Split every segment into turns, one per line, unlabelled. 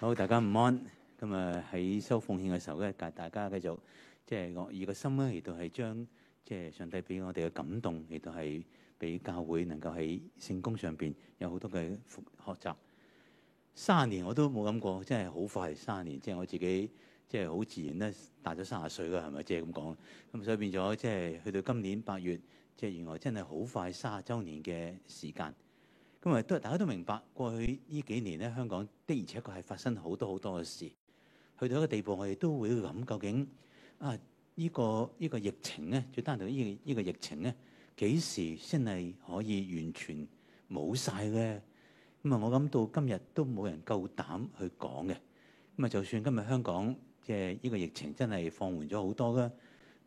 好，大家午安。咁啊，喺收奉獻嘅時候咧，屆大家繼續即係樂意嘅心咧，亦都係將即係上帝俾我哋嘅感動，亦都係俾教會能夠喺聖工上邊有好多嘅學習。三十年我都冇諗過，真係好快三年，即係我自己即係好自然咧，大咗卅歲啦，係咪？即係咁講。咁所以變咗，即係去到今年八月，即係原來真係好快卅周年嘅時間。咁啊，都大家都明白，過去呢幾年咧，香港的而且確係發生好多好多嘅事，去到一個地步，我哋都會諗究竟啊，呢、這個呢、這個疫情咧，最單獨呢呢個疫情咧，幾時先係可以完全冇晒咧？咁啊，我諗到今日都冇人夠膽去講嘅。咁啊，就算今日香港即係呢個疫情真係放緩咗好多啦，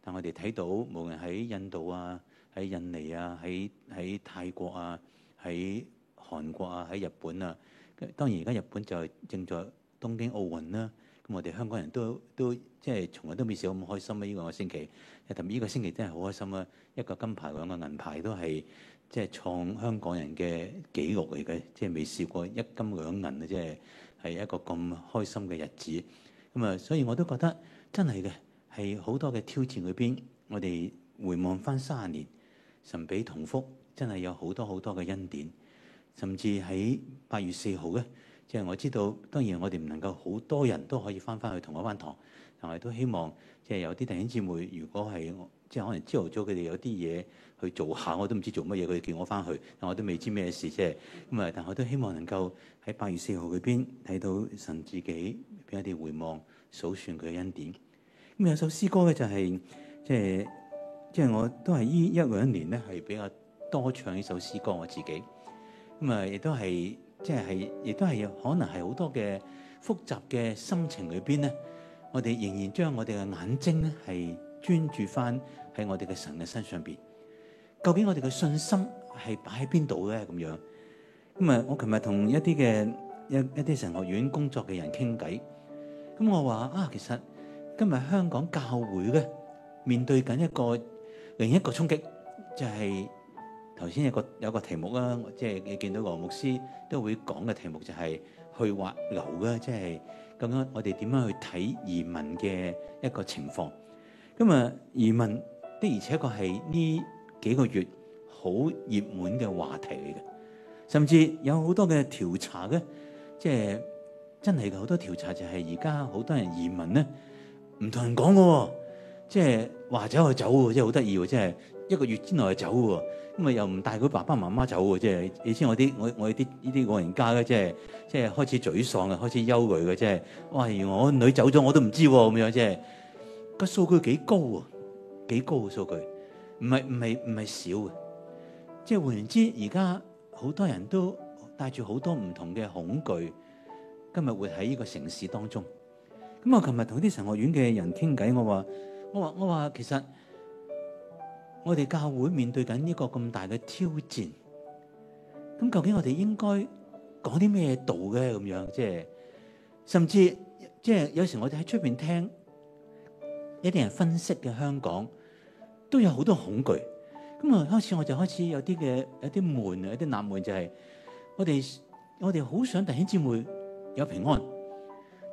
但我哋睇到無論喺印度啊、喺印尼啊、喺喺泰國啊、喺，韓國啊，喺日本啊，當然而家日本就正在東京奧運啦、啊。咁我哋香港人都都即係從來都未試過咁開心啦、啊！呢、這、兩個星期，特別呢個星期真係好開心啊。一個金牌、兩個銀牌都係即係創香港人嘅紀錄嚟嘅，即係未試過一金兩銀啊！即係係一個咁開心嘅日子，咁啊，所以我都覺得真係嘅係好多嘅挑戰裏邊，我哋回望翻卅年，神俾同福，真係有好多好多嘅恩典。甚至喺八月四號咧，即係我知道，當然我哋唔能夠好多人都可以翻翻去同一班堂，但係都希望即係有啲弟兄姊妹，如果係即係可能朝頭早佢哋有啲嘢去做下，我都唔知做乜嘢，佢哋叫我翻去，但我都未知咩事啫。咁啊，但我都希望能夠喺八月四號嗰邊睇到神自己俾我哋回望、數算佢嘅恩典。咁有首詩歌咧，就係即係即係我都係依一兩年咧，係比較多唱呢首詩歌我自己。咁啊，亦都係，即係，亦都係，可能係好多嘅複雜嘅心情裏邊咧，我哋仍然將我哋嘅眼睛咧係專注翻喺我哋嘅神嘅身上邊，究竟我哋嘅信心係擺喺邊度咧？咁樣。咁啊！我琴日同一啲嘅一一啲神學院工作嘅人傾偈，咁我話啊，其實今日香港教會咧面對緊一個另一個衝擊，就係、是。頭先有個有個題目啦，即係你見到羅牧師都會講嘅題目就係去或留嘅，即係咁樣我哋點樣去睇移民嘅一個情況？咁啊，移民的而且確係呢幾個月好熱門嘅話題嚟嘅，甚至有好多嘅調查嘅，即係真係嘅好多調查就係而家好多人移民咧，唔同人講嘅，即係話走就走，即係好得意，即係。就是一個月之內就走喎，咁啊又唔帶佢爸爸媽媽走喎，即係你知我啲我我啲呢啲老人家咧，即係即係開始沮喪啊，開始憂慮嘅，即係哇！我女走咗我都唔知喎，咁樣即係個數據幾高啊，幾高嘅數據，唔係唔係唔係少嘅，即係換言之，而家好多人都帶住好多唔同嘅恐懼，今日會喺呢個城市當中。咁我琴日同啲神學院嘅人傾偈，我話我話我話其實。我哋教會面對緊呢個咁大嘅挑戰，咁究竟我哋應該講啲咩道嘅咁樣？即係甚至即係有時我哋喺出邊聽，一啲人分析嘅香港都有好多恐懼。咁啊，開始我就開始有啲嘅有啲悶啊，有啲納悶、就是，就係我哋我哋好想弟兄姊妹有平安，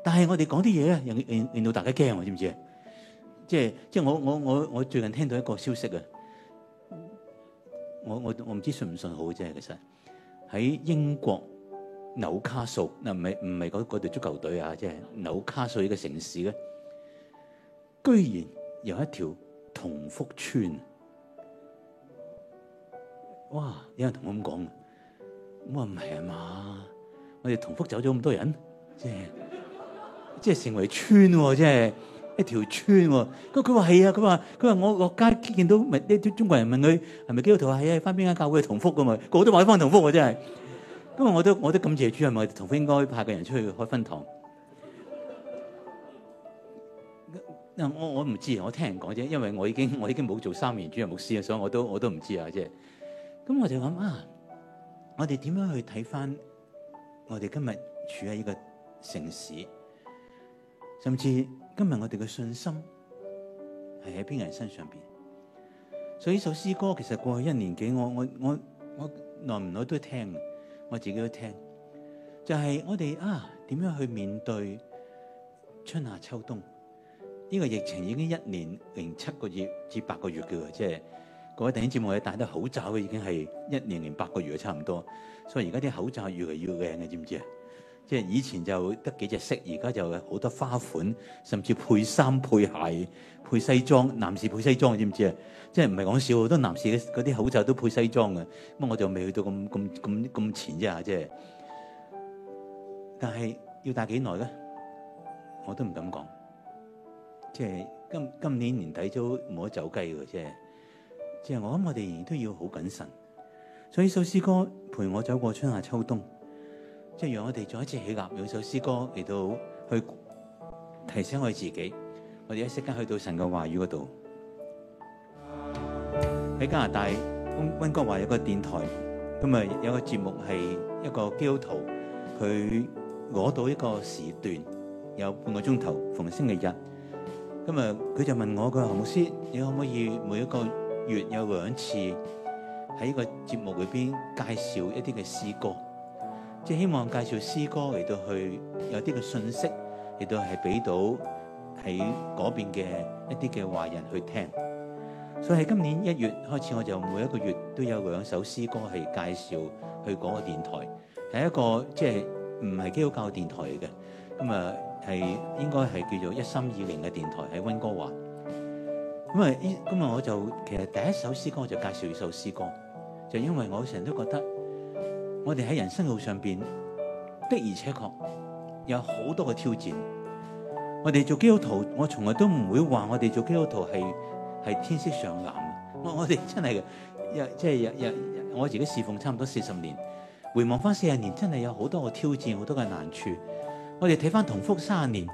但係我哋講啲嘢啊，令令令到大家驚，知唔知？即係即係我我我我最近聽到一個消息啊！我我我唔知信唔信好啫，其實喺英國紐卡素嗱，唔係唔係嗰嗰隊足球隊啊，即係紐卡素呢個城市咧，居然有一條同福村，哇！有人同我咁講，我話唔係啊嘛，我哋同福走咗咁多人，即係即係成為村喎，即係。一條村喎，佢佢話係啊，佢話佢話我落街見到咪啲啲中國人問佢係咪基督徒啊？係啊，翻邊間教會同福嘅嘛。個個都話翻同福我真係，咁啊我都我都感謝主。咪同福應該派個人出去開分堂。我我唔知，我聽人講啫，因為我已經我已經冇做三年主任牧師啊，所以我都我都唔知啊，即係。咁我就諗啊，我哋點樣去睇翻我哋今日處喺呢個城市，甚至。今日我哋嘅信心係喺邊個人身上邊，所以首詩歌其實過去一年幾，我我我我耐唔耐都聽，我自己都聽。就係、是、我哋啊，點樣去面對春夏秋冬？呢、這個疫情已經一年零七個月至八個月嘅，即係各位電視節目你戴得好早嘅，已經係一年零八個月差唔多。所以而家啲口罩越嚟越靚你知唔知啊？即係以前就得幾隻色，而家就好多花款，甚至配衫、配鞋、配西裝，男士配西裝知唔知啊？即係唔係講笑，好多男士嗰啲口罩都配西裝嘅。咁我就未去到咁咁咁咁前啫，即係但係要戴幾耐咧？我都唔敢講。即係今今年年底都冇得走雞嘅，即係。即係我諗，我哋仍然都要好謹慎。所以首詩歌陪我走過春夏秋冬。即係讓我哋再一次起立，用一首詩歌嚟到去提醒我自己，我哋一息間去到神嘅話語嗰度。喺加拿大温哥華有個電台，咁啊有個節目係一個基督徒，佢攞到一個時段，有半個鐘頭，逢星期日。咁啊，佢就問我，佢話：何牧師：你可唔可以每一個月有兩次喺個節目裏邊介紹一啲嘅詩歌？即係希望介紹詩歌嚟到去，有啲嘅信息嚟到係俾到喺嗰邊嘅一啲嘅華人去聽。所以喺今年一月開始，我就每一個月都有兩首詩歌係介紹去嗰個電台，係一個即係唔係基督教電台嚟嘅。咁啊係應該係叫做一三二零嘅電台喺温哥華。咁啊依今日我就，其實第一首詩歌我就介紹呢首詩歌，就因為我成日都覺得。我哋喺人生路上邊的而且確有好多嘅挑戰。我哋做基督徒，我從來都唔會話我哋做基督徒係係天色上藍。我我哋真係嘅，即係又又我自己侍奉差唔多四十年，回望翻四十年，真係有好多嘅挑戰，好多嘅難處。我哋睇翻同福三十年，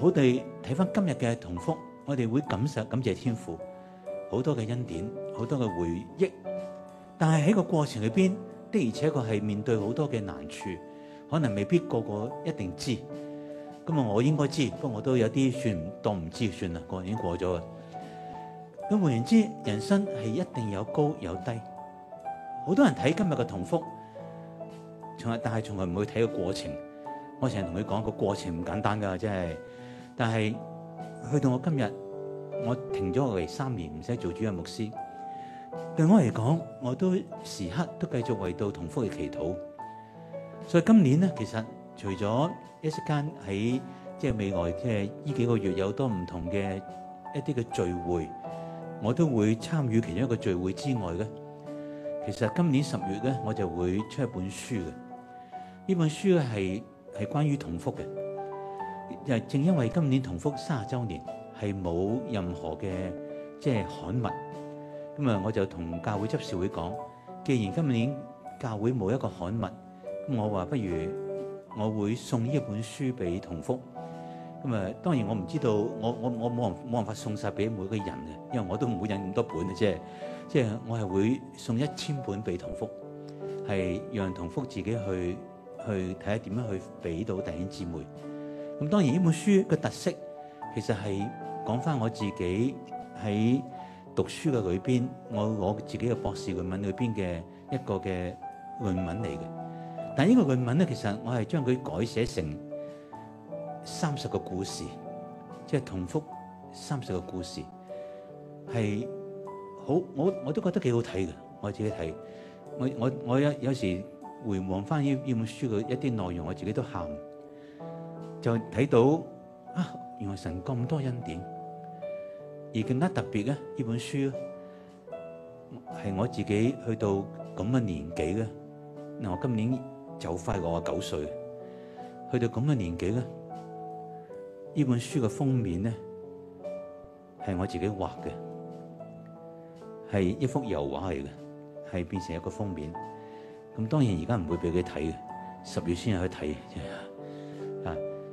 我哋睇翻今日嘅同福，我哋會感受感謝天父好多嘅恩典，好多嘅回憶。但係喺個過程裏邊。的而且確係面對好多嘅難處，可能未必個個一定知。咁啊，我應該知，不過我都有啲算不當唔知算啦，個年已經過咗啊。咁換言之人生係一定有高有低，好多人睇今日嘅同福，從但係從來唔會睇個過程。我成日同佢講個過程唔簡單㗎，即係，但係去到我今日，我停咗落嚟三年，唔使做主任牧師。對我嚟講，我都時刻都繼續為到同福嘅祈禱。所以今年咧，其實除咗一時間喺即係未來，即係呢幾個月有多唔同嘅一啲嘅聚會，我都會參與其中一個聚會之外咧，其實今年十月咧，我就會出一本書嘅。呢本書嘅係係關於同福嘅，就係正因為今年同福卅周年係冇任何嘅即係刊物。咁啊，我就同教會執事會講，既然今年教會冇一個刊物，咁我話不如我會送呢一本書俾同福。咁啊，當然我唔知道，我我我冇冇辦法送晒俾每個人嘅，因為我都唔會印咁多本嘅啫。即係我係會送一千本俾同福，係讓同福自己去去睇下點樣去俾到弟兄姊妹。咁當然呢本書嘅特色其實係講翻我自己喺，讀書嘅裏邊，我我自己嘅博士論文裏邊嘅一個嘅論文嚟嘅。但係呢個論文咧，其實我係將佢改寫成三十個故事，即係同複三十個故事，係好我我都覺得幾好睇嘅。我自己睇，我我我有有時回望翻呢呢本書嘅一啲內容，我自己都喊，就睇到啊，原來神咁多恩典。而更加特別咧，呢本書係我自己去到咁嘅年紀咧。嗱，我今年就快過我九歲，去到咁嘅年紀咧，呢本書嘅封面咧係我自己畫嘅，係一幅油畫嚟嘅，係變成一個封面。咁當然而家唔會俾佢睇嘅，十月先去睇。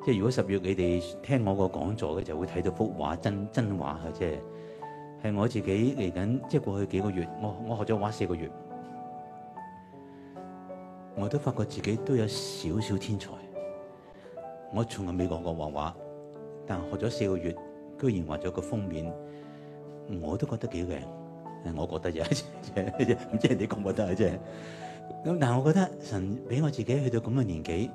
即係如果十月你哋聽我個講座嘅，就會睇到幅畫真真畫啊！即係係我自己嚟緊，即係過去幾個月，我我學咗畫四個月，我都發覺自己都有少少天才。我從來未畫過畫畫，但學咗四個月，居然畫咗個封面，我都覺得幾靚。我覺得就係，唔 知人哋覺唔覺得啊？即係咁，但係我覺得神俾我自己去到咁嘅年紀。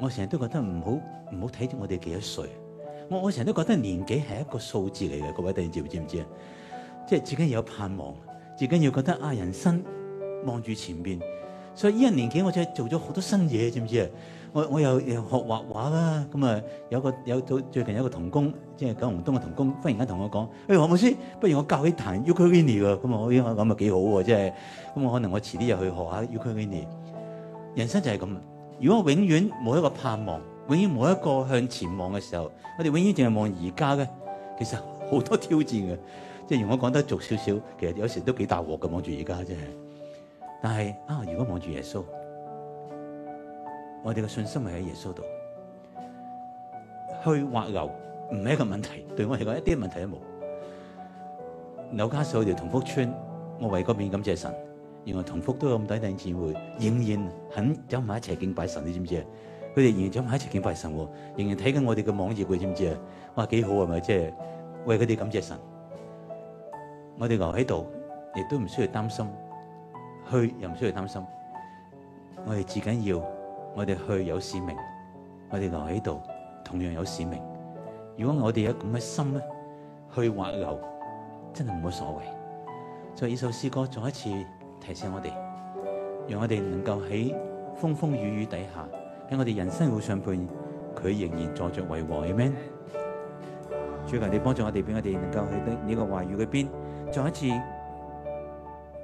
我成日都覺得唔好唔好睇住我哋幾多歲，我我成日都覺得年紀係一個數字嚟嘅，各位弟兄知唔知啊？即係自己要有盼望，自己要覺得啊，人生望住前邊，所以呢個年紀我真係做咗好多新嘢，知唔知啊？我我又又學畫畫啦，咁啊有一個有最近有一個童工，即係九龍東嘅童工，忽然間同我講，誒、欸、王老師，不如我教佢彈 u k i r i 呢？㗎。咁啊，我依家咁啊幾好喎，即係咁我可能我遲啲又去學下 u k i r i 呢？人生就係咁。如果永遠冇一個盼望，永遠冇一個向前望嘅時候，我哋永遠淨係望而家嘅，其實好多挑戰嘅，即係如果講得俗少少，其實有時都幾大鑊噉望住而家，真係。但係啊，如果望住耶穌，我哋嘅信心係喺耶穌度，去滑流唔係一個問題，對我嚟講一啲問題都冇。劉家秀，我同福村，我為個面感謝神。原來同福都有咁大量錢匯，仍然肯走埋一齊敬拜神，你知唔知啊？佢哋仍然走埋一齊敬拜神喎，仍然睇緊我哋嘅網頁，佢知唔知啊？哇，幾好啊！咪即係為佢哋感謝神。我哋留喺度，亦都唔需要擔心，去又唔需要擔心。我哋最緊要，我哋去有使命，我哋留喺度同樣有使命。如果我哋有咁嘅心咧，去或留真係冇乜所謂。所以呢首詩歌再一次。提醒我哋，讓我哋能夠喺風風雨雨底下喺我哋人生路上邊，佢仍然坐着為王嘅 Amen 主神，求你幫助我哋，俾我哋能夠去呢個話語嗰邊，再一次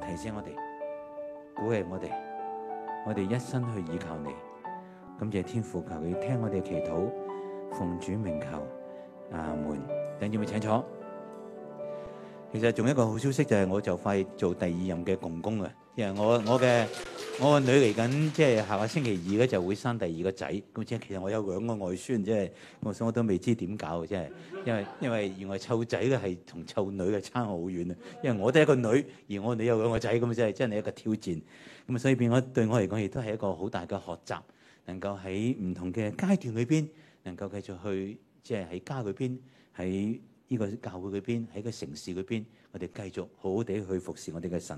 提醒我哋，鼓勵我哋，我哋一生去依靠你。感謝天父求你聽我哋祈禱，奉主名求，阿門。等住我哋請坐。其實有仲一個好消息就係我就快做第二任嘅公公啊！因為我我嘅我個女嚟緊，即係下個星期二咧就會生第二個仔。咁即係其實我有兩個外孫，即係我想我都未知點搞。啊！真係，因為因為原來湊仔咧係同湊女嘅差好遠啊！因為我都係一個女，而我女有兩個仔，咁即係真係真係一個挑戰。咁啊所以變咗對我嚟講亦都係一個好大嘅學習，能夠喺唔同嘅階段裏邊，能夠繼續去即係喺家裏邊喺，在呢個教會嗰邊喺個城市嗰邊，我哋繼續好好地去服侍我哋嘅神。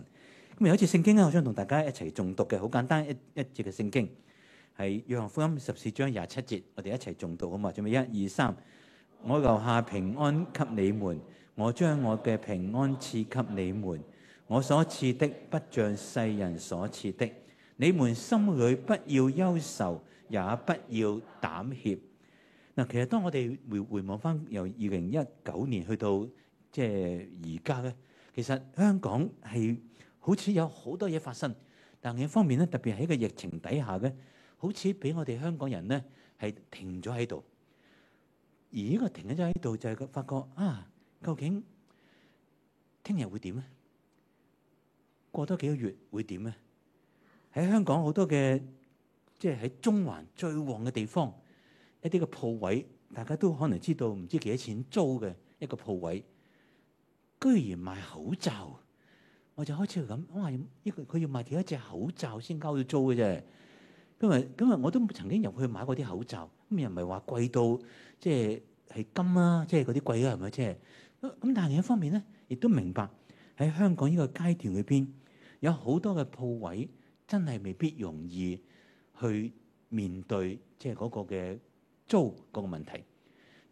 咁有一次聖經咧，我想同大家一齊重讀嘅，好簡單一一節嘅聖經係《約翰福音十四章廿七節》，我哋一齊重讀好嘛？準備一二三，我留下平安給你們，我將我嘅平安賜給你們，我所賜的不像世人所賜的，你們心裡不要憂愁，也不要膽怯。嗱，其實當我哋回回望翻由二零一九年去到即係而家咧，其實香港係好似有好多嘢發生，但係一方面咧，特別喺個疫情底下咧，好似俾我哋香港人咧係停咗喺度。而呢個停咗喺度就係發覺啊，究竟聽日會點咧？過多幾個月會點咧？喺香港好多嘅即係喺中環最旺嘅地方。一啲嘅鋪位，大家都可能知道，唔知幾多錢租嘅一個鋪位，居然賣口罩，我就開始咁諗，哇！依個佢要賣幾多隻口罩先交到租嘅啫？因為我都曾經入去買過啲口罩，咁又唔係話貴到即係金啦，即係嗰啲貴呀係咪即係咁？但係另一方面咧，亦都明白喺香港呢個階段裏邊，有好多嘅鋪位真係未必容易去面對，即係嗰個嘅。租個問題，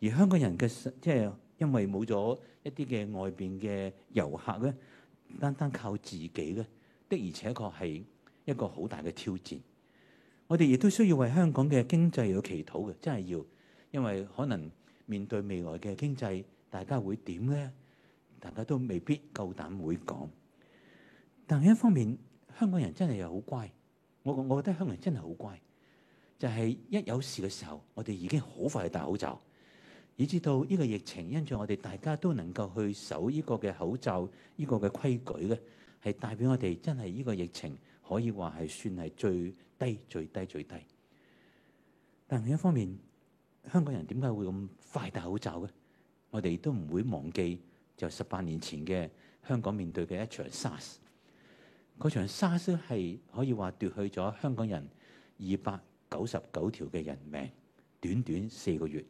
而香港人嘅即係因為冇咗一啲嘅外邊嘅遊客咧，單單靠自己咧，的而且確係一個好大嘅挑戰。我哋亦都需要為香港嘅經濟去祈禱嘅，真係要，因為可能面對未來嘅經濟，大家會點咧？大家都未必夠膽會講。但係一方面，香港人真係又好乖，我我覺得香港人真係好乖。就係一有事嘅時候，我哋已經好快去戴口罩，以至到呢個疫情，因著我哋大家都能夠去守呢個嘅口罩呢、呢個嘅規矩嘅，係代表我哋真係呢個疫情可以話係算係最低、最低、最低。但另一方面，香港人點解會咁快戴口罩嘅？我哋都唔會忘記就十八年前嘅香港面對嘅一場 SARS，嗰場沙士係可以話奪去咗香港人二百九十九條嘅人命，短短四個月。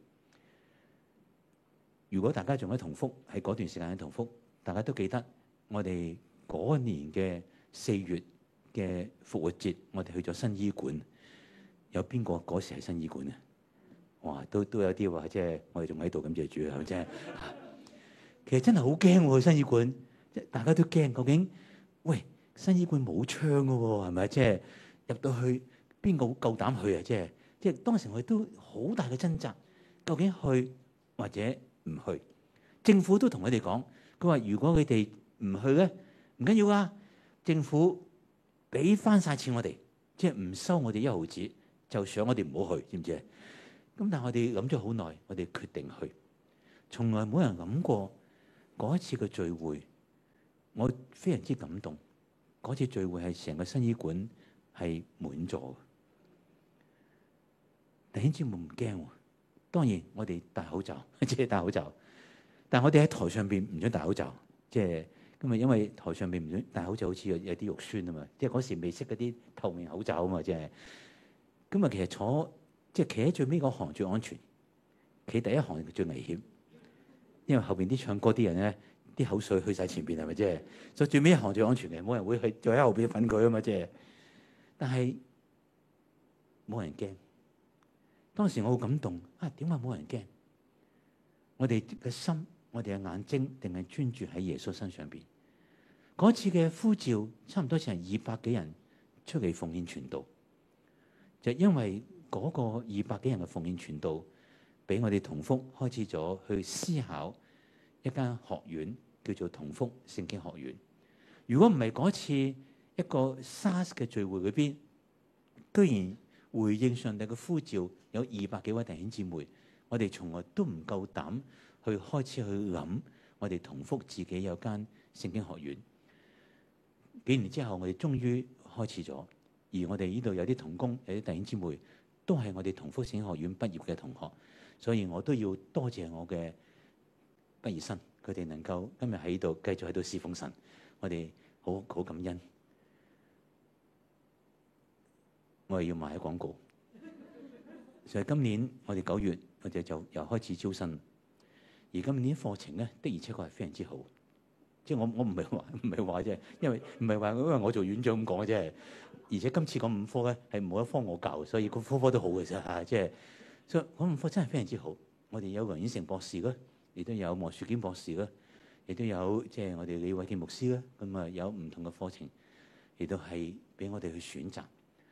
如果大家仲喺同福，喺嗰段時間喺同福，大家都記得我哋嗰年嘅四月嘅復活節，我哋去咗新醫館。有邊個嗰時係新醫館啊？哇，都都有啲話，即係我哋仲喺度咁住住，係咪真係？其實真係好驚去新醫館，即係大家都驚。究竟喂，新醫館冇窗嘅喎，係咪即係入到去？邊個夠膽去啊？即係即係當時我哋都好大嘅掙扎，究竟去或者唔去？政府都同佢哋講，佢話如果佢哋唔去咧，唔緊要㗎，政府俾翻晒錢我哋，即係唔收我哋一毫子，就想我哋唔好去，知唔知？咁但係我哋諗咗好耐，我哋決定去。從來冇人諗過嗰一次嘅聚會，我非常之感動。嗰次聚會係成個新醫館係滿座。但先知會唔驚喎，當然我哋戴口罩，即係戴口罩。但係我哋喺台上邊唔想戴口罩，即係咁啊！因為台上邊唔想戴口罩，好似有有啲肉酸啊嘛。即係嗰時未識嗰啲透明口罩啊嘛，即係咁啊！其實坐即係企喺最尾嗰行最安全，企第一行最危險，因為後邊啲唱歌啲人咧，啲口水去晒前邊係咪啫？所以最尾一行最安全嘅，冇人會去再喺後邊粉佢啊嘛，即係。但係冇人驚。當時我好感動啊！點解冇人驚？我哋嘅心、我哋嘅眼睛，定係專注喺耶穌身上邊？嗰次嘅呼召，差唔多成二百幾人出嚟奉獻傳道，就因為嗰個二百幾人嘅奉獻傳道，俾我哋同福開始咗去思考一間學院，叫做同福聖經學院。如果唔係嗰次一個 SARS 嘅聚會嗰邊，居然～回應上帝嘅呼召，有二百幾位弟兄姊妹，我哋從來都唔夠膽去開始去諗，我哋同福自己有間聖經學院。幾年之後，我哋終於開始咗，而我哋呢度有啲同工，有啲弟兄姊妹，都係我哋同福聖經學院畢業嘅同學，所以我都要多謝我嘅畢業生，佢哋能夠今日喺度繼續喺度侍奉神，我哋好好感恩。我又要賣廣告， 所以今年我哋九月我哋就又開始招生。而今年課程咧的而且確係非常之好，即係我我唔係話唔係話啫，因為唔係話因為我做院長咁講嘅啫。而且今次講五科咧係冇一科我教，所以個科科都好嘅啫。嚇，即係所以講五科真係非常之好。我哋有黃遠成博士啦，亦都有莫樹堅博士啦，亦都有即係我哋李偉傑牧師啦。咁啊有唔同嘅課程，亦都係俾我哋去選擇。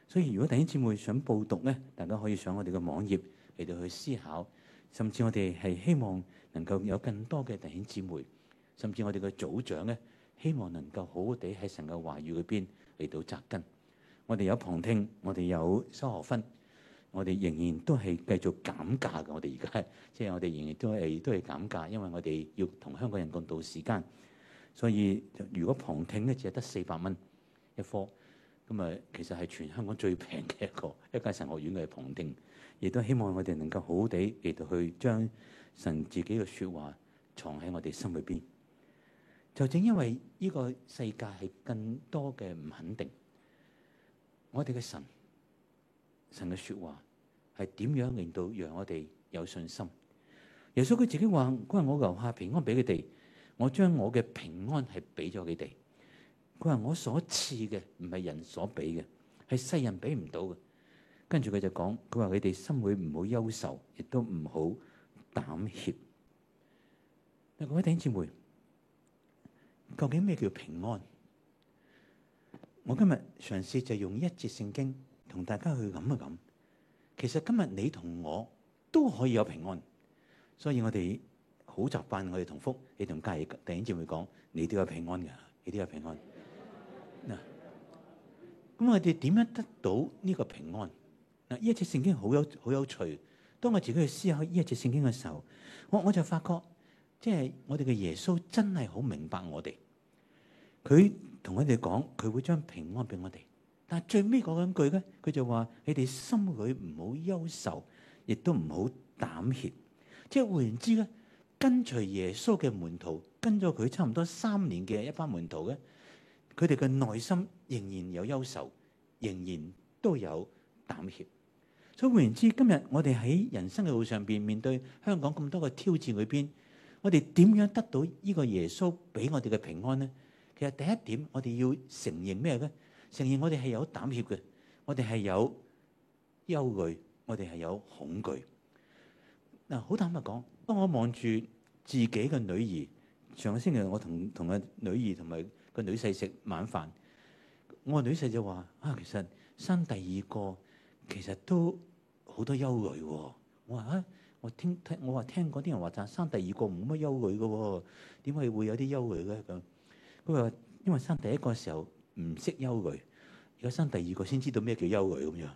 所以如果弟兄姊妹想報讀咧，大家可以上我哋嘅網頁嚟到去思考，甚至我哋係希望能夠有更多嘅弟兄姊妹，甚至我哋嘅組長咧，希望能夠好好地喺神嘅話語嗰邊嚟到紮根。我哋有旁聽，我哋有修學分，我哋仍然都係繼續減價嘅。我哋而家即係我哋仍然都係都係減價，因為我哋要同香港人共度時間。所以如果旁聽咧，淨係得四百蚊一科。咁啊，其實係全香港最平嘅一個一間神學院嘅旁聽，亦都希望我哋能夠好好地嚟到去將神自己嘅說話藏喺我哋心裏邊。就正因為呢個世界係更多嘅唔肯定，我哋嘅神、神嘅說話係點樣令到讓我哋有信心？耶穌佢自己話，佢話我留下平安俾佢哋，我將我嘅平安係俾咗佢哋。佢話：我所賜嘅唔係人所俾嘅，係世人俾唔到嘅。跟住佢就講：佢話佢哋心會唔好憂愁，亦都唔好膽怯。各位弟兄姊妹，究竟咩叫平安？我今日嘗試就用一節聖經同大家去諗一諗，其實今日你同我都可以有平安，所以我哋好習慣我哋同福、你同家人、弟兄姊妹講：你都有平安㗎，你都有平安。咁我哋點樣得到呢個平安？嗱，呢一節聖經好有好有趣。當我自己去思考呢一節聖經嘅時候，我我就發覺，即係我哋嘅耶穌真係好明白我哋。佢同我哋講，佢會將平安俾我哋。但係最尾嗰兩句咧，佢就話：你哋心裏唔好憂愁，亦都唔好膽怯。即係換言之咧，跟隨耶穌嘅門徒，跟咗佢差唔多三年嘅一班門徒咧。佢哋嘅內心仍然有憂愁，仍然都有膽怯，所以換言之，今日我哋喺人生嘅路上邊面對香港咁多嘅挑戰裏邊，我哋點樣得到呢個耶穌俾我哋嘅平安呢？其實第一點，我哋要承認咩咧？承認我哋係有膽怯嘅，我哋係有憂慮，我哋係有恐懼。嗱，好坦白講，當我望住自己嘅女兒，上個星期我同同個女兒同埋。個女婿食晚飯，我個女婿就話啊，其實生第二個其實都好多憂慮喎。我話啊，我聽聽我話聽過啲人話就生第二個冇乜憂慮嘅，點解會有啲憂慮咧？咁佢話因為生第一個時候唔識憂慮，而家生第二個先知道咩叫憂慮咁樣。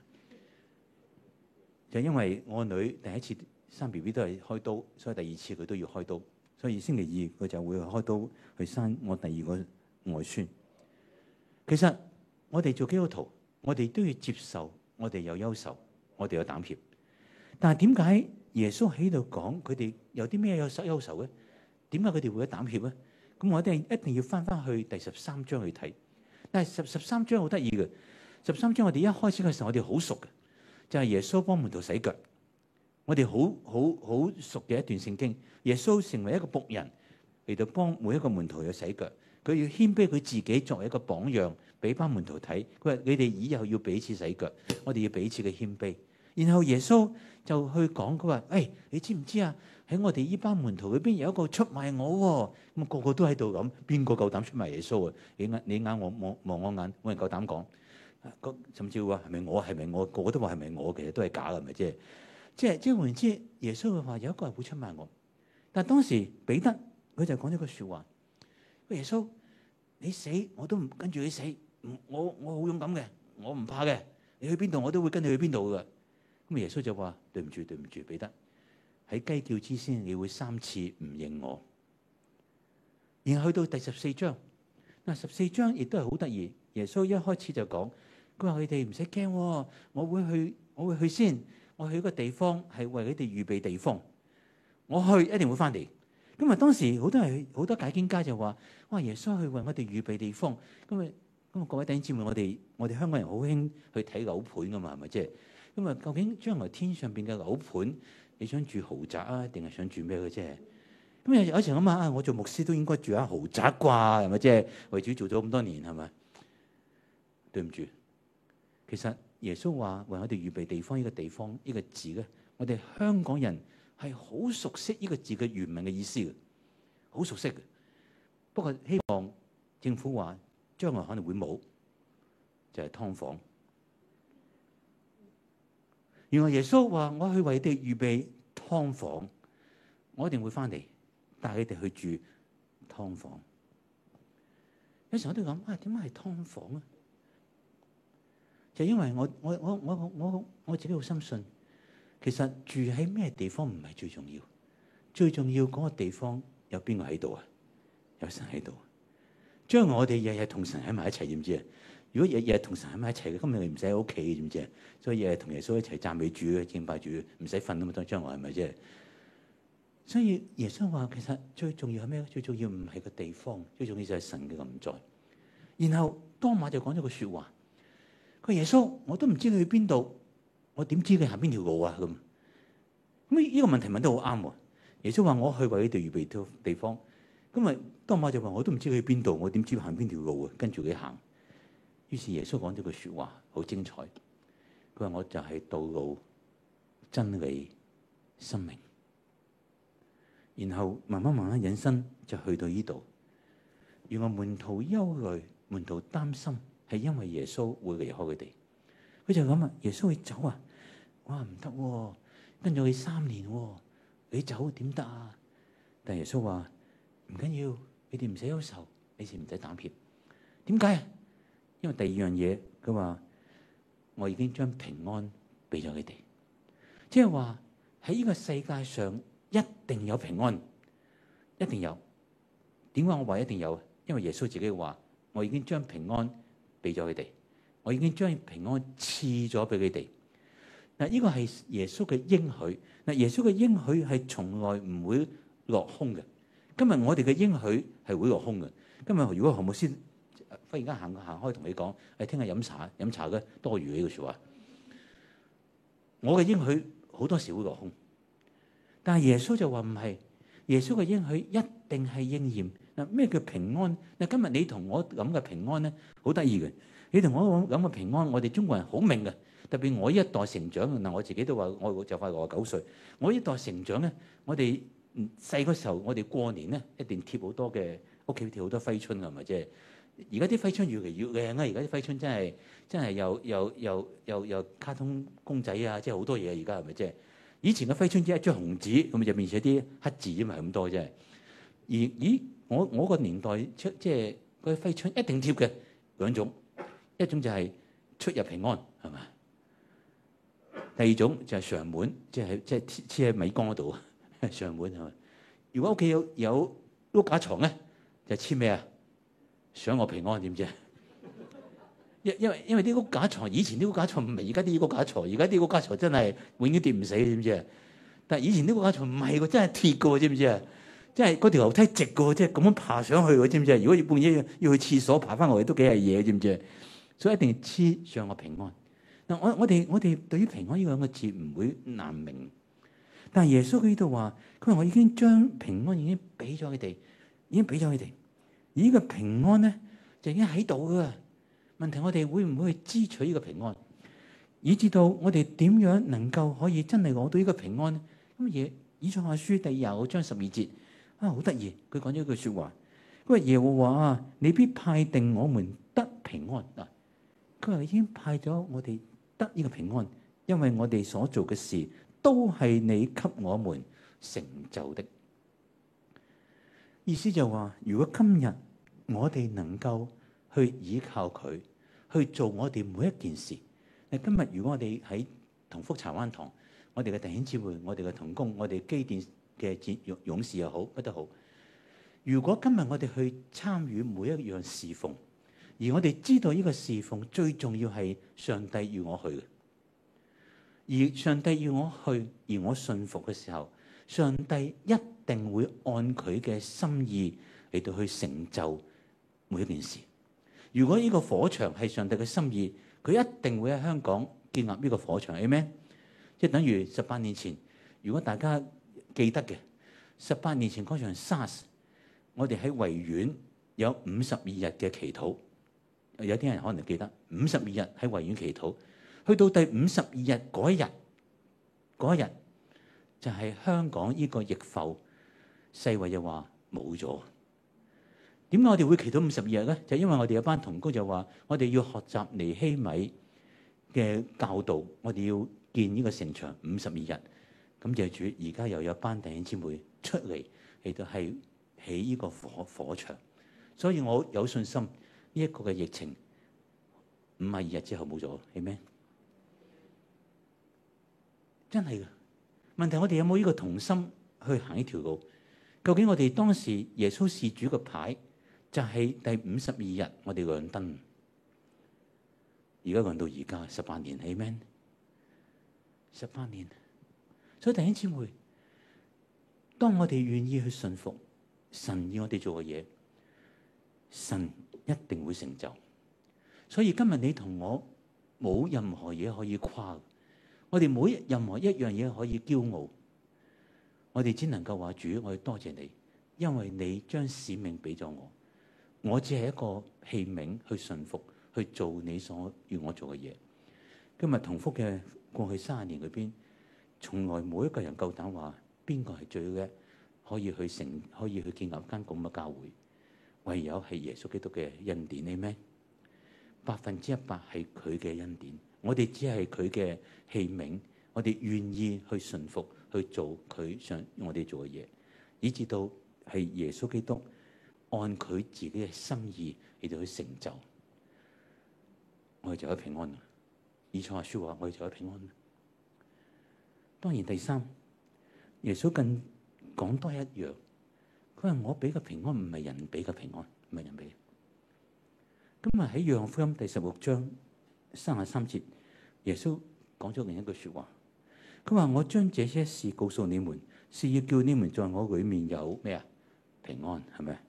就因為我女第一次生 B B 都係開刀，所以第二次佢都要開刀，所以星期二佢就會開刀去生我第二個外孫其實我哋做基督徒，我哋都要接受我哋有憂愁，我哋有膽怯。但係點解耶穌喺度講佢哋有啲咩有憂愁嘅？點解佢哋會有膽怯咧？咁我哋一定要翻翻去第十三章去睇。但係十十三章好得意嘅，十三章我哋一開始嘅時候我哋好熟嘅，就係耶穌幫門徒洗腳。我哋好好好熟嘅一段聖經，耶穌成為一個僕人嚟到幫每一個門徒去洗腳。佢要謙卑，佢自己作為一個榜樣，俾班門徒睇。佢話：你哋以後要彼此洗腳，我哋要彼此嘅謙卑。然後耶穌就去講，佢話：誒、哎，你知唔知啊？喺我哋依班門徒裏邊有一個出賣我喎。咁個個都喺度咁，邊個夠膽出賣耶穌啊？你眼你眼我望望我眼，冇人夠膽講。甚至乎啊，係咪我？係咪我？個個都話係咪我？其實都係假嘅，係咪即係即係即係。換言之，耶穌嘅話有一個係會出賣我。但當時彼得佢就講咗句説話。耶穌，你死我都唔跟住你死，我我好勇敢嘅，我唔怕嘅，你去邊度我都會跟你去邊度噶。咁耶穌就話：對唔住，對唔住，彼得喺雞叫之先，你會三次唔認我。然後去到第十四章，嗱十四章亦都係好得意。耶穌一開始就講：佢話佢哋唔使驚，我會去，我會去先，我去個地方係為你哋預備地方，我去一定會翻嚟。因為當時好多人好多解經家就話：哇！耶穌去為我哋預備地方。咁啊咁啊，各位弟兄姊妹，我哋我哋香港人好興去睇樓盤噶嘛，係咪啫？咁啊，究竟將來天上邊嘅樓盤，你想住豪宅啊，定係想住咩嘅啫？咁有有時諗下，我做牧師都應該住下豪宅啩，係咪啫？為主做咗咁多年，係咪？對唔住，其實耶穌話為我哋預備地方呢個地方呢個字咧，我哋香港人。係好熟悉呢個字嘅原文嘅意思嘅，好熟悉嘅。不過希望政府話將來可能會冇，就係、是、劏房。原來耶穌話：我去為你哋預備劏房，我一定會翻嚟帶你哋去住劏房。有時候我都諗：哇，點解係劏房啊？房就是、因為我我我我我我自己好深信。其實住喺咩地方唔係最重要，最重要嗰個地方有邊個喺度啊？有神喺度，將來我哋日日同神喺埋一齊，知唔知啊？如果日日同神喺埋一齊嘅，今日唔使喺屋企，知唔知啊？所以日日同耶穌一齊讚美主、敬拜主，唔使瞓都冇得將我，係咪啫？所以耶穌話：，其實最重要係咩？最重要唔係個地方，最重要就係神嘅臨在。然後當晚就講咗個說話：，佢耶穌，我都唔知你去邊度。我點知佢行邊條路啊？咁咁呢個問題問得好啱啊。耶穌話：我去為呢度預備地方。咁咪當馬就話：我都唔知佢去邊度，我點知行邊條路啊？跟住佢行。於是耶穌講咗句説話，好精彩。佢話：我就係道路、真理、生命。然後慢慢慢慢引申，就去到呢度。原來門徒憂慮、門徒擔心，係因為耶穌會離開佢哋。就咁啊！耶穌會走啊！我話唔得，跟住佢三年，啊，你走點得啊？但耶穌話唔緊要，你哋唔使憂愁，你哋唔使膽怯。點解啊？因為第二樣嘢，佢話我已經將平安俾咗佢哋，即係話喺呢個世界上一定有平安，一定有。點解我話一定有？因為耶穌自己話我已經將平安俾咗佢哋。我已經將平安賜咗俾佢哋。嗱，呢個係耶穌嘅應許。嗱，耶穌嘅應許係從來唔會落空嘅。今日我哋嘅應許係會落空嘅。今日如果何牧師忽然間行行開同你講，誒，聽日飲茶，飲茶嘅多餘呢個說話。我嘅應許好多時會落空，但係耶穌就話唔係。耶穌嘅應許一定係應驗。嗱，咩叫平安？嗱，今日你同我咁嘅平安咧，好得意嘅。你同我講咁嘅平安，我哋中國人好明嘅。特別我呢一代成長嗱，我自己都話，我就快六啊九歲。我呢代成長咧，我哋細個時候，我哋過年咧，一定貼好多嘅屋企貼好多揮春嘅，係咪即係而家啲揮春越嚟越靚啦。而家啲揮春真係真係又又又又又卡通公仔啊，即係好多嘢。而家係咪即係以前嘅揮春只一張紅紙咁，就變成一啲黑字，唔係咁多嘅。而咦，我我個年代出即係個揮春一定貼嘅兩種。一種就係出入平安，係嘛？第二種就係常滿，即係即係黐喺米缸嗰度啊！常滿係嘛？如果屋企有有碌架床咧，就黐咩啊？想我平安點知啊？因因為因為啲碌架床，以前啲碌架床唔係，而家啲碌架床，而家啲碌架床真係永遠跌唔死，知唔知？但係以前啲碌架床唔係喎，真係鐵嘅，知唔知啊？真係嗰條樓梯直嘅，即係咁樣爬上去，知唔知啊？如果要半夜要去廁所爬翻落去，都幾係嘢，知唔知？所以一定要黐上個平安嗱，我我哋我哋對於平安呢兩個字唔會難明，但係耶穌佢呢度話，佢話我已經將平安已經俾咗佢哋，已經俾咗佢哋，而呢個平安咧就已經喺度噶啦。問題我哋會唔會去支取呢個平安？以至到我哋點樣能夠可以真係攞到呢個平安咧？咁而以賽亞書第二十六章十二節啊，好得意，佢講咗一句說話，佢話耶和華啊，你必派定我們得平安嗱。佢話已經派咗我哋得呢個平安，因為我哋所做嘅事都係你給我們成就的。意思就話，如果今日我哋能夠去依靠佢去做我哋每一件事，你今日如果我哋喺同福柴灣堂，我哋嘅弟兄姊妹，我哋嘅同工，我哋基甸嘅戰勇士又好，乜都好，如果今日我哋去參與每一樣侍奉。而我哋知道呢個侍奉最重要係上帝要我去嘅，而上帝要我去，而我信服嘅時候，上帝一定會按佢嘅心意嚟到去成就每一件事。如果呢個火場係上帝嘅心意，佢一定會喺香港建立呢個火場，係咩？即係等於十八年前，如果大家記得嘅，十八年前嗰場 SARS，我哋喺維園有五十二日嘅祈禱。有啲人可能記得五十二日喺維園祈禱，去到第五十二日嗰一日，嗰一日就係香港呢個疫浮，世衛又話冇咗。點解我哋會祈禱五十二日咧？就因為我哋有班同工就話，我哋要學習尼希米嘅教導，我哋要建呢個城牆五十二日。咁謝主，而家又有班弟兄姊妹出嚟，佢哋係起呢個火火牆，所以我有信心。呢一個嘅疫情五十二日之後冇咗，係咩？真係嘅問題，我哋有冇呢個同心去行呢條路？究竟我哋當時耶穌事主嘅牌就係第五十二日我，我哋亮燈。而家講到而家十八年，係咩？十八年，所以第一次會，當我哋願意去信服神要我哋做嘅嘢，神。一定會成就，所以今日你同我冇任何嘢可以誇，我哋冇任何一樣嘢可以驕傲，我哋只能夠話主，我要多謝你，因為你將使命俾咗我，我只係一個器皿去順服，去做你所要我做嘅嘢。今日同福嘅過去三十年裏邊，從來冇一個人夠膽話邊個係最好嘅，可以去成，可以去建立一間咁嘅教會。唯有係耶穌基督嘅恩典，你咩？百分之一百係佢嘅恩典，我哋只係佢嘅器皿，我哋願意去順服，去做佢想我哋做嘅嘢，以至到係耶穌基督按佢自己嘅心意，嚟到去成就，我哋就可以平安。以創下説話說，我哋就可以平安。當然第三，耶穌跟講多一樣。佢話我俾嘅平安唔係人俾嘅平安，唔係人俾嘅。今日喺《約翰福音》第十六章三十三節，耶穌講咗另一句說話。佢話：我將這些事告訴你們，是要叫你們在我裏面有咩啊？平安係咪？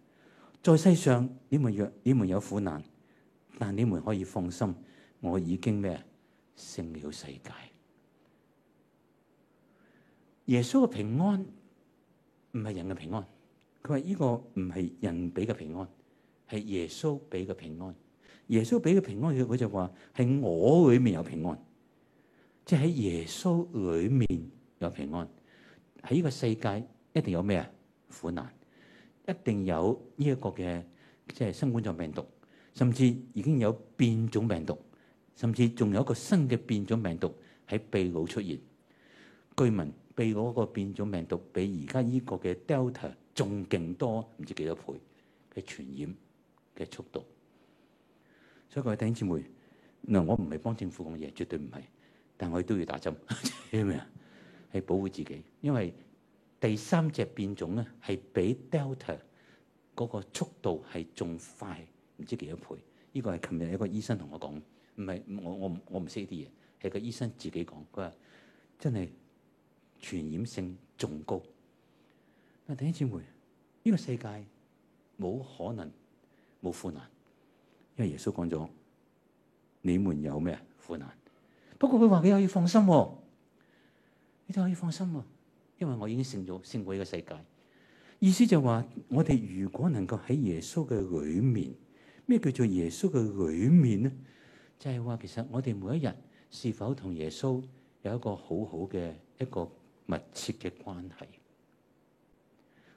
在世上你們若你們有苦難，但你們可以放心，我已經咩啊？勝了世界。耶穌嘅平安唔係人嘅平安。佢話：依個唔係人俾嘅平安，係耶穌俾嘅平安。耶穌俾嘅平安，佢就話係我裏面有平安，即係喺耶穌裏面有平安。喺依個世界一定有咩啊？苦難，一定有依一個嘅即係新冠狀病毒，甚至已經有變種病毒，甚至仲有一個新嘅變種病毒喺秘魯出現。據聞秘魯個變種病毒比而家依個嘅 Delta。仲勁多，唔知幾多倍嘅傳染嘅速度。所以各位弟兄姊妹，嗱，我唔係幫政府講嘢，絕對唔係，但我哋都要打針，知唔知啊？係保護自己，因為第三隻變種咧，係比 Delta 嗰個速度係仲快，唔知幾多倍。呢個係琴日一個醫生同我講，唔係我我我唔識呢啲嘢，係個醫生自己講，佢話真係傳染性仲高。啊！第一次回呢個世界冇可能冇苦難，因為耶穌講咗：你們有咩啊？苦難。不過佢話：你可以放心，你都可以放心，因為我已經勝咗勝過呢個世界。意思就係話，我哋如果能夠喺耶穌嘅裏面，咩叫做耶穌嘅裏面呢？就係話，其實我哋每一日是否同耶穌有一個好好嘅一個密切嘅關係？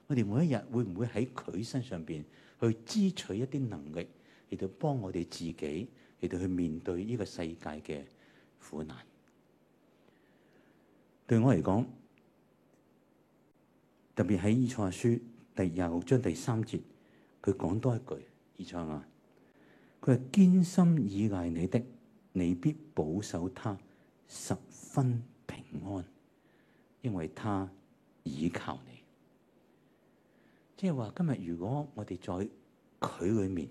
我哋每一日會唔會喺佢身上邊去支取一啲能力，嚟到幫我哋自己，嚟到去面對呢個世界嘅苦難？對我嚟講，特別喺以賽亞書第二十六章第三節，佢講多一句：以賽亞，佢話堅心倚賴你的，你必保守他十分平安，因為他倚靠你。即係話，今日如果我哋在佢裏面，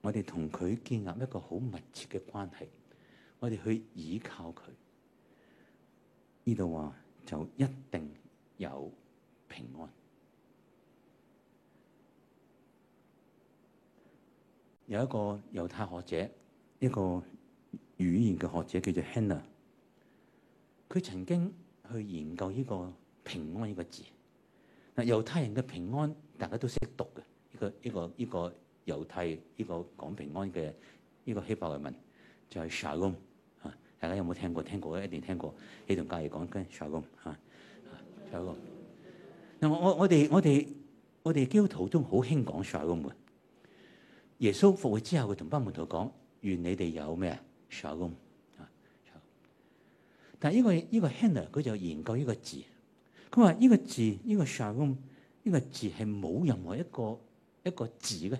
我哋同佢建立一個好密切嘅關係，我哋去倚靠佢，呢度話就一定有平安。有一個猶太學者，一個語言嘅學者叫做 Hannah，佢曾經去研究呢個平安呢個字。嗱猶太人嘅平安，大家都識讀嘅。呢個呢個呢個猶太呢個講平安嘅呢個希伯來文就係 shalom。嚇，大家有冇聽過？聽過一定聽過。你同家人講跟 shalom 嚇。shalom。嗱我我我哋我哋我哋基督徒都好興講 shalom。耶穌復活之後，佢同班門徒講：願你哋有咩 shalom。但係呢個呢個 handler 佢就研究呢個字。佢話：呢、這個字，呢、這個 Shalom，呢、這個字係冇任何一個一個字嘅，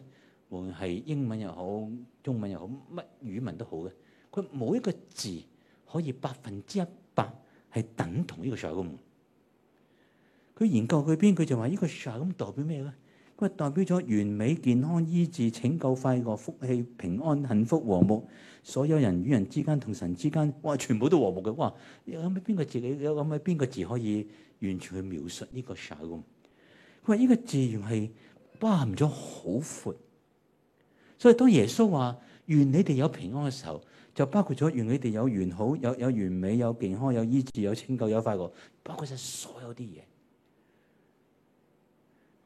無論係英文又好，中文又好，乜語文都好嘅。佢冇一個字可以百分之一百係等同呢個 Shalom。佢研究佢邊？佢就話：呢、這個 Shalom 代表咩咧？佢話代表咗完美、健康、醫治、拯救、快活、福氣、平安、幸福、和睦。所有人與人之間同神之間，哇！全部都和睦嘅。哇！諗起邊個字？你諗起邊個字可以？完全去描述呢個手，佢話呢個字原係包含咗好闊，所以當耶穌話願你哋有平安嘅時候，就包括咗願你哋有完好、有有完美、有健康、有醫治、有拯救、有快樂，包括晒所有啲嘢。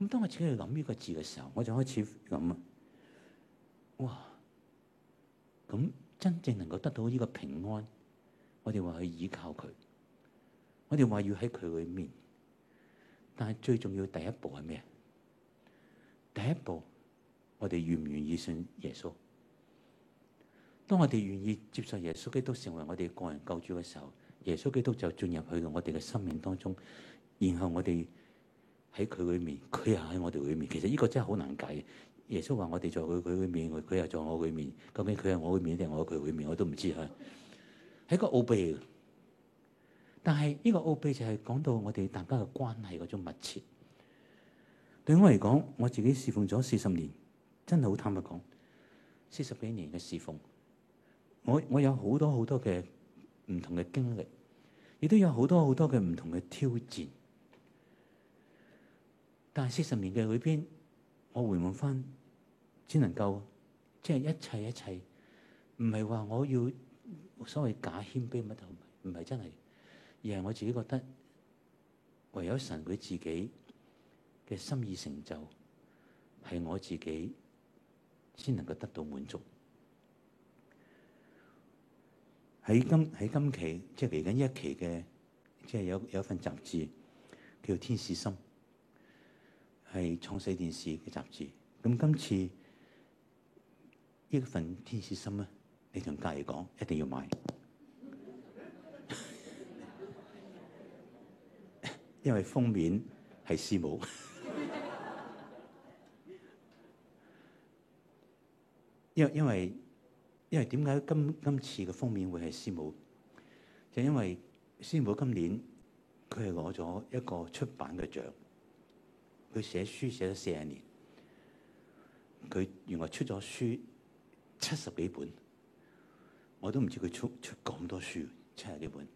咁當我自己去諗呢個字嘅時候，我就開始諗啊，哇！咁真正能夠得到呢個平安，我哋話去依靠佢。我哋話要喺佢裏面，但係最重要第一步係咩？第一步，我哋願唔願意信耶穌？當我哋願意接受耶穌基督成為我哋個人救主嘅時候，耶穌基督就進入去到我哋嘅生命當中，然後我哋喺佢裏面，佢又喺我哋裏面。其實呢個真係好難解。耶穌話我哋在佢佢裏面，佢又在我裏面。究竟佢係我裏面定我喺佢裏面？我都唔知啊！係一個奧秘。但係呢個奧秘就係講到我哋大家嘅關係嗰種密切。對我嚟講，我自己侍奉咗四十年，真係好坦白講，四十幾年嘅侍奉，我我有好多好多嘅唔同嘅經歷，亦都有好多好多嘅唔同嘅挑戰。但係四十年嘅裏邊，我回望翻，只能夠即係、就是、一切一切，唔係話我要所謂假謙卑乜都唔係真係。而係我自己覺得，唯有神佢自己嘅心意成就，係我自己先能夠得到滿足。喺今喺今期，即係嚟緊一期嘅，即係有有份雜誌叫《天使心》，係創世電視嘅雜誌。咁今次呢份《天使心》咧，你同隔籬講，一定要買。因為封面係師母。 因，因為因為因為點解今今次嘅封面會係師母？就係、因為師母今年佢係攞咗一個出版嘅獎。佢寫書寫咗四十年，佢原來出咗書七十幾本，我都唔知佢出出咁多書七十幾本，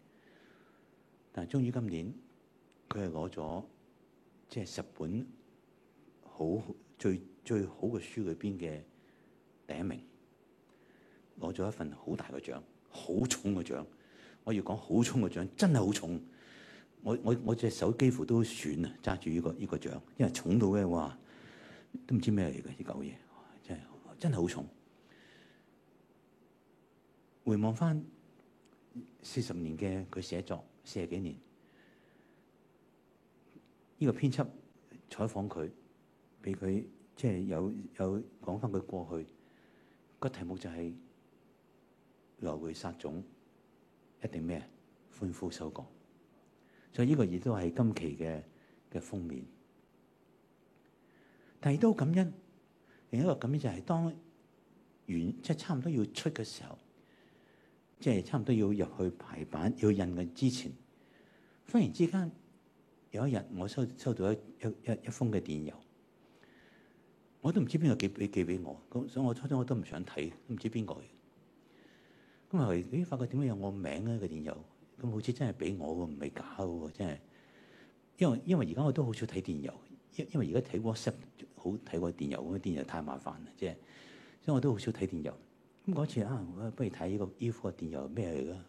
但係終於今年。佢係攞咗即係十本好最最好嘅書裏邊嘅第一名，攞咗一份好大嘅獎，好重嘅獎。我要講好重嘅獎，真係好重。我我我隻手幾乎都損啊，揸住呢個呢個獎，因為重到嘅話都唔知咩嚟嘅呢嚿嘢，真係真係好重。回望翻四十年嘅佢寫作，四十幾年。呢個編輯採訪佢，俾佢即係有有講翻佢過去。個題目就係來回撒種，一定咩歡呼收割。所以呢個亦都係今期嘅嘅封面。但係都感恩，另一個感恩就係當完即係差唔多要出嘅時候，即係差唔多要入去排版要印嘅之前，忽然之間。有一日，我收收到一一一、一封嘅電郵，我都唔知邊個寄俾寄俾我咁，所以我初初我都唔想睇，唔知邊個咁啊。咦？發覺點解有我名嘅個、啊、電郵咁好似真係俾我喎，唔係假喎，真係因為因為而家我都好少睇電郵，因因為而家睇 WhatsApp 好睇過電郵，個電郵太麻煩啦，即係所以我都好少睇電郵咁嗰次啊，不如睇呢個依、e、封電郵係咩嚟啦？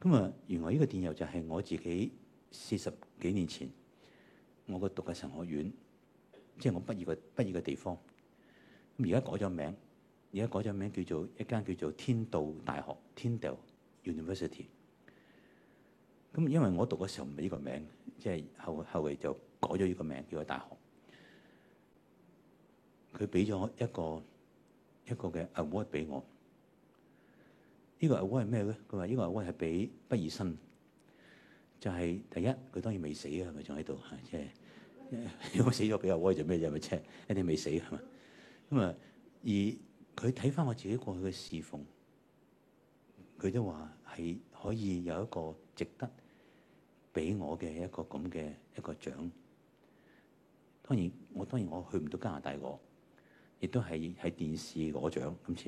咁啊，原來呢個電郵就係我自己。四十幾年前，我個讀嘅神學院，即、就、係、是、我畢業嘅畢業嘅地方。咁而家改咗名，而家改咗名叫做一間叫做天道大學（天道 University）。咁因為我讀嘅時候唔係呢個名，即、就、係、是、後後嚟就改咗呢個名叫做大學。佢俾咗一個一個嘅 award 俾我。呢、這個 award 係咩咧？佢話呢個 award 係俾畢業生，就係、是、第一，佢當然未死啊，係咪仲喺度嚇？即 係如果死咗比阿威做咩啫？咪即係一定未死啊嘛。咁啊而佢睇翻我自己過去嘅侍奉，佢都話係可以有一個值得俾我嘅一個咁嘅一個獎。當然我當然我去唔到加拿大，我亦都係喺電視攞獎今次，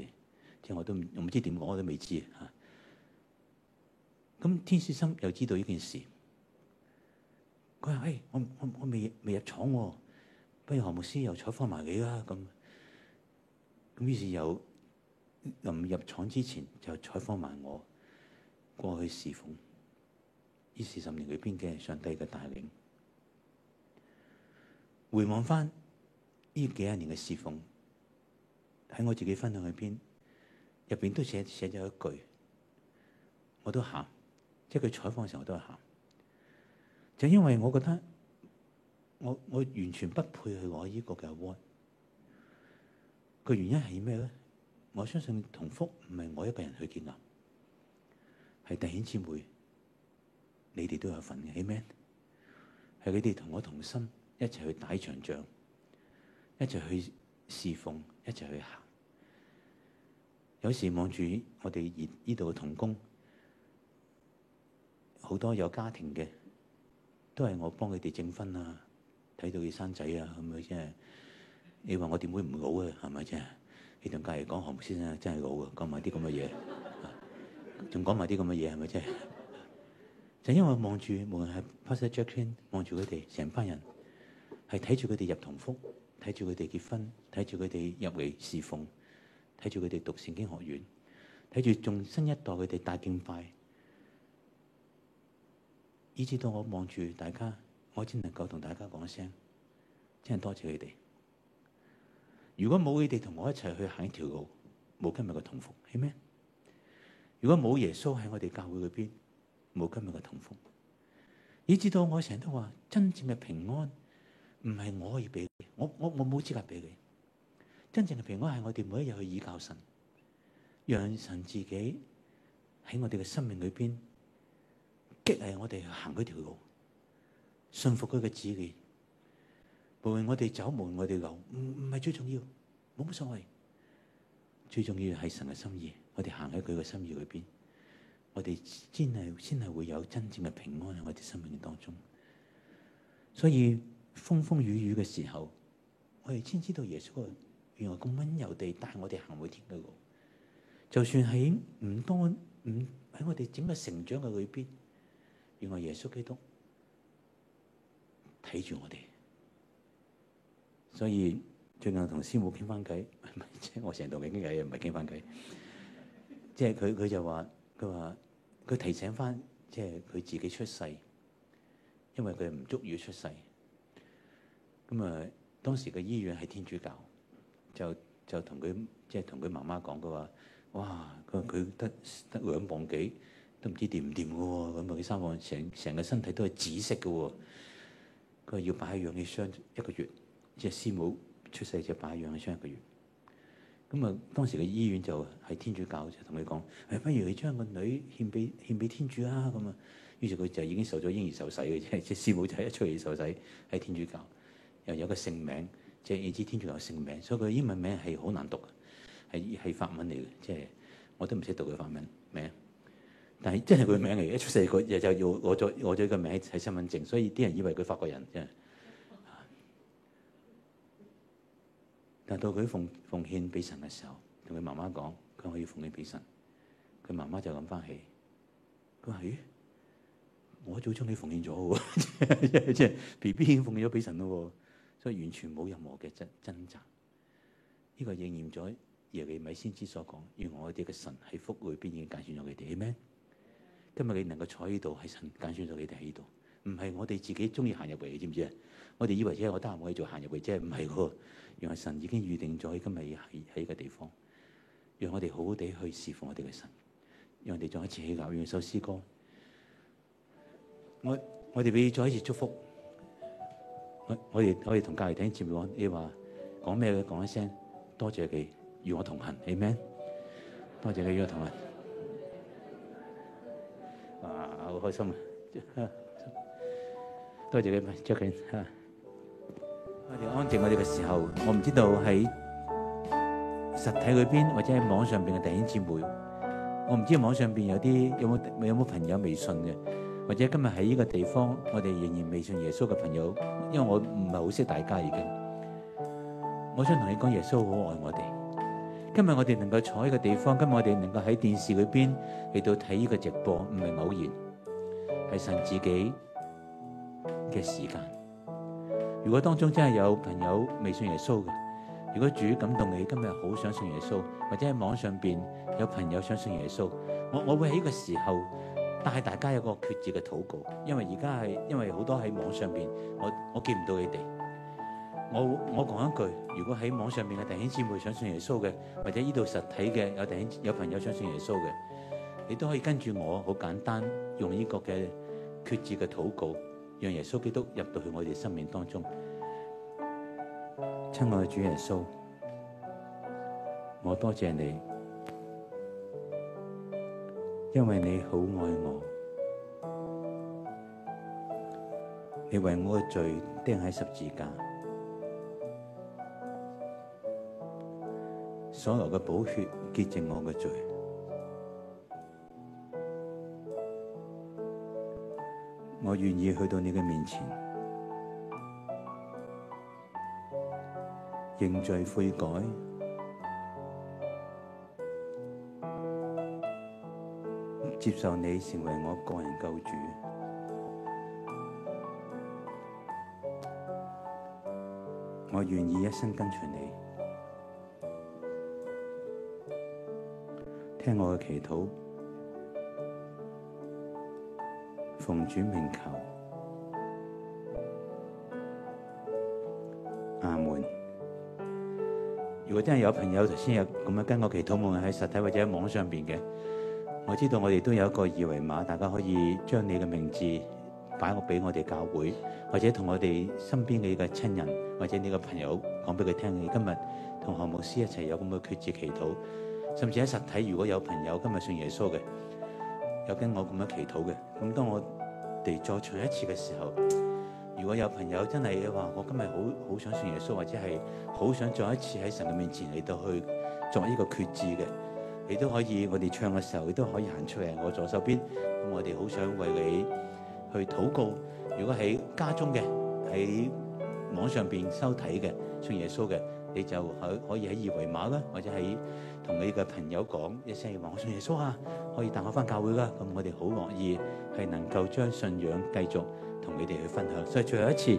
即係我都我唔知點講，我都未知嚇。咁天使心又知道呢件事，佢話：嘿，我我我未未入廠喎、啊，不如何牧師又採訪埋你啦、啊。咁咁於是又又入，入廠之前就採訪埋我過去侍奉，呢四十年裏邊嘅上帝嘅帶領，回望翻呢幾廿年嘅侍奉，喺我自己分享裏邊，入面都寫寫咗一句，我都喊。即係佢採訪嘅時候，我都係喊。就因為我覺得我，我我完全不配去攞依個嘅 Award。個原因係咩咧？我相信同福唔係我一個人去建立，係弟兄姊妹，你哋都有份嘅，係咩 Amen？係你哋同我同心一齊去打一場仗，一齊去侍奉，一齊去行。有時望住我哋依依度嘅同工。好多有家庭嘅，都係我幫佢哋證婚啊，睇到佢生仔啊，係咪先？你話我點會唔老啊？係咪先？你同隔籬講何木先生真係老啊，講埋啲咁嘅嘢，仲講埋啲咁嘅嘢係咪先？就因為望住無論係 Pastor Jackson 望住佢哋成班人，係睇住佢哋入同福，睇住佢哋結婚，睇住佢哋入嚟侍奉，睇住佢哋讀聖經學院，睇住仲新一代佢哋大敬拜。以至到我望住大家，我只能夠同大家講一聲，真係多謝佢哋。如果冇佢哋同我一齊去行一條路，冇今日嘅痛苦，係咩？如果冇耶穌喺我哋教會嗰邊，冇今日嘅痛苦，以至到我成日都話，真正嘅平安唔係我可以俾，我我我冇資格俾佢。真正嘅平安係我哋每一日去倚靠神，讓神自己喺我哋嘅生命裏邊。即係我哋行嗰條路，信服佢嘅旨意，無論我哋走門我哋路，唔唔係最重要，冇乜所謂。最重要係神嘅心意，我哋行喺佢嘅心意裏邊，我哋先係先係會有真正嘅平安喺我哋生命當中。所以風風雨雨嘅時候，我哋先知道耶穌啊，原來咁溫柔地帶我哋行回天嘅路。就算喺唔多唔喺我哋整個成長嘅裏邊。原來耶穌基督睇住我哋，所以最近同師母傾翻偈，即係我成日同佢傾偈，又唔係傾翻偈。即係佢佢就話，佢話佢提醒翻，即係佢自己出世，因為佢唔足以出世。咁啊，當時嘅醫院係天主教，就就同佢即係同佢媽媽講，佢話：哇！佢佢得得兩磅幾。都唔知掂唔掂嘅咁啊！佢三個成成個身體都係紫色嘅。佢話要擺喺氧氣箱一個月，即係師母出世就擺喺氧氣箱一個月。咁啊，當時嘅醫院就喺天主教就同佢講：不如你將個女獻俾獻俾天主啦，咁啊。於是佢就已經受咗嬰兒受洗嘅啫。即係師母就係一出嚟受洗喺天主教，又有一個聖名，即係你知天主教有聖名，所以佢英文名係好難讀，係係法文嚟嘅。即係我都唔識讀佢法文名。但係真係佢名嚟，嘅，出世佢日就要攞咗攞咗個名喺身份證，所以啲人以為佢法國人啫。但到佢奉奉獻俾神嘅時候，同佢媽媽講：佢可以奉獻俾神。佢媽媽就咁翻起，佢話：咦，我早將你奉獻咗喎，即係 B B 已經奉獻咗俾神咯，所以完全冇任何嘅掙掙扎。呢個應驗咗耶利米先知所講：原來我哋嘅神喺福裏邊已經揀選咗佢哋，咩？今日你能夠坐喺度係神揀選咗你哋喺呢度，唔係我哋自己中意行入嚟，你知唔知啊？我哋以為只係我得閒可以做行入嚟，即係唔係喎？原來神已經預定咗喺今日喺喺呢個地方，讓我哋好好地去侍奉我哋嘅神，讓我哋再一次喜鵲，唱一首詩歌。我我哋俾再一次祝福。我哋可以同隔籬弟兄講，你話講咩嘅講一聲，多謝你與我同行，Amen，多謝你與我同行。開心啊！多謝你，Jacky 吓。我哋安靜，我哋嘅時候，我唔知道喺實體裏邊或者喺網上邊嘅弟兄姊妹，我唔知網上邊有啲有冇有冇朋友未信嘅，或者今日喺呢個地方，我哋仍然未信耶穌嘅朋友，因為我唔係好識大家已經。我想同你講，耶穌好愛我哋。今日我哋能夠坐喺呢個地方，今日我哋能夠喺電視裏邊嚟到睇呢個直播，唔係偶然。係神自己嘅時間。如果當中真係有朋友未信耶穌嘅，如果主感動你今日好想信耶穌，或者喺網上邊有朋友想信耶穌，我我會喺呢個時候帶大家有一個決志嘅禱告。因為而家係因為好多喺網上邊，我我見唔到你哋。我我講一句，如果喺網上邊嘅弟兄姊妹想信耶穌嘅，或者呢度實體嘅有弟兄有朋友想信耶穌嘅。你都可以跟住我，好簡單，用呢個嘅決志嘅禱告，讓耶穌基督入到去我哋生命當中。親愛嘅主耶穌，我多謝你，因為你好愛我，你為我嘅罪釘喺十字架，所有嘅寶血潔淨我嘅罪。我願意去到你嘅面前，認罪悔改，接受你成為我個人救主。我願意一生跟隨你，聽我嘅祈禱。同主名求阿們，如果真係有朋友頭先有咁樣跟我祈禱，無論喺實體或者喺網上邊嘅，我知道我哋都有一個二維碼，大家可以將你嘅名字擺個俾我哋教會，或者同我哋身邊嘅一個親人或者你個朋友講俾佢聽，你今日同何牧師一齊有咁嘅決志祈禱，甚至喺實體如果有朋友今日信耶穌嘅。有跟我咁樣祈禱嘅，咁當我哋再唱一次嘅時候，如果有朋友真係話我今日好好想信耶穌，或者係好想再一次喺神嘅面前嚟到去作呢個決志嘅，你都可以我哋唱嘅時候，你都可以行出嚟我左手邊。咁我哋好想為你去禱告。如果喺家中嘅，喺網上面收睇嘅，信耶穌嘅。你就可可以喺二維碼啦，或者係同你嘅朋友講一聲話，我信耶穌啊，可以帶我返教會啦。咁我哋好樂意係能夠將信仰繼續同你哋去分享。所以最後一次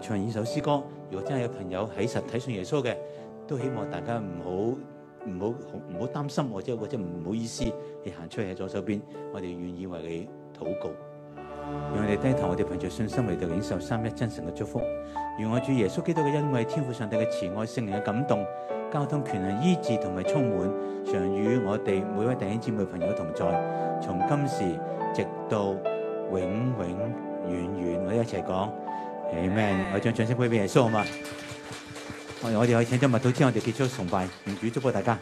唱呢首詩歌，如果真係有朋友喺實體信耶穌嘅，都希望大家唔好唔好唔好擔心或者或者唔好意思，你行出去喺左手邊，我哋願意為你禱告。讓我哋低頭，我哋憑着信心嚟到領受三一真神嘅祝福。願我主耶穌基督嘅恩惠、天父上帝嘅慈愛、聖靈嘅感動、交通權能、醫治同埋充滿，常與我哋每位弟兄姊妹朋友同在，從今時直到永永遠遠遠。我哋一齊講，Amen！我將掌聲俾俾耶穌好嘛？我哋我哋可以請咗咪到之後我哋結束崇拜，願主祝福大家。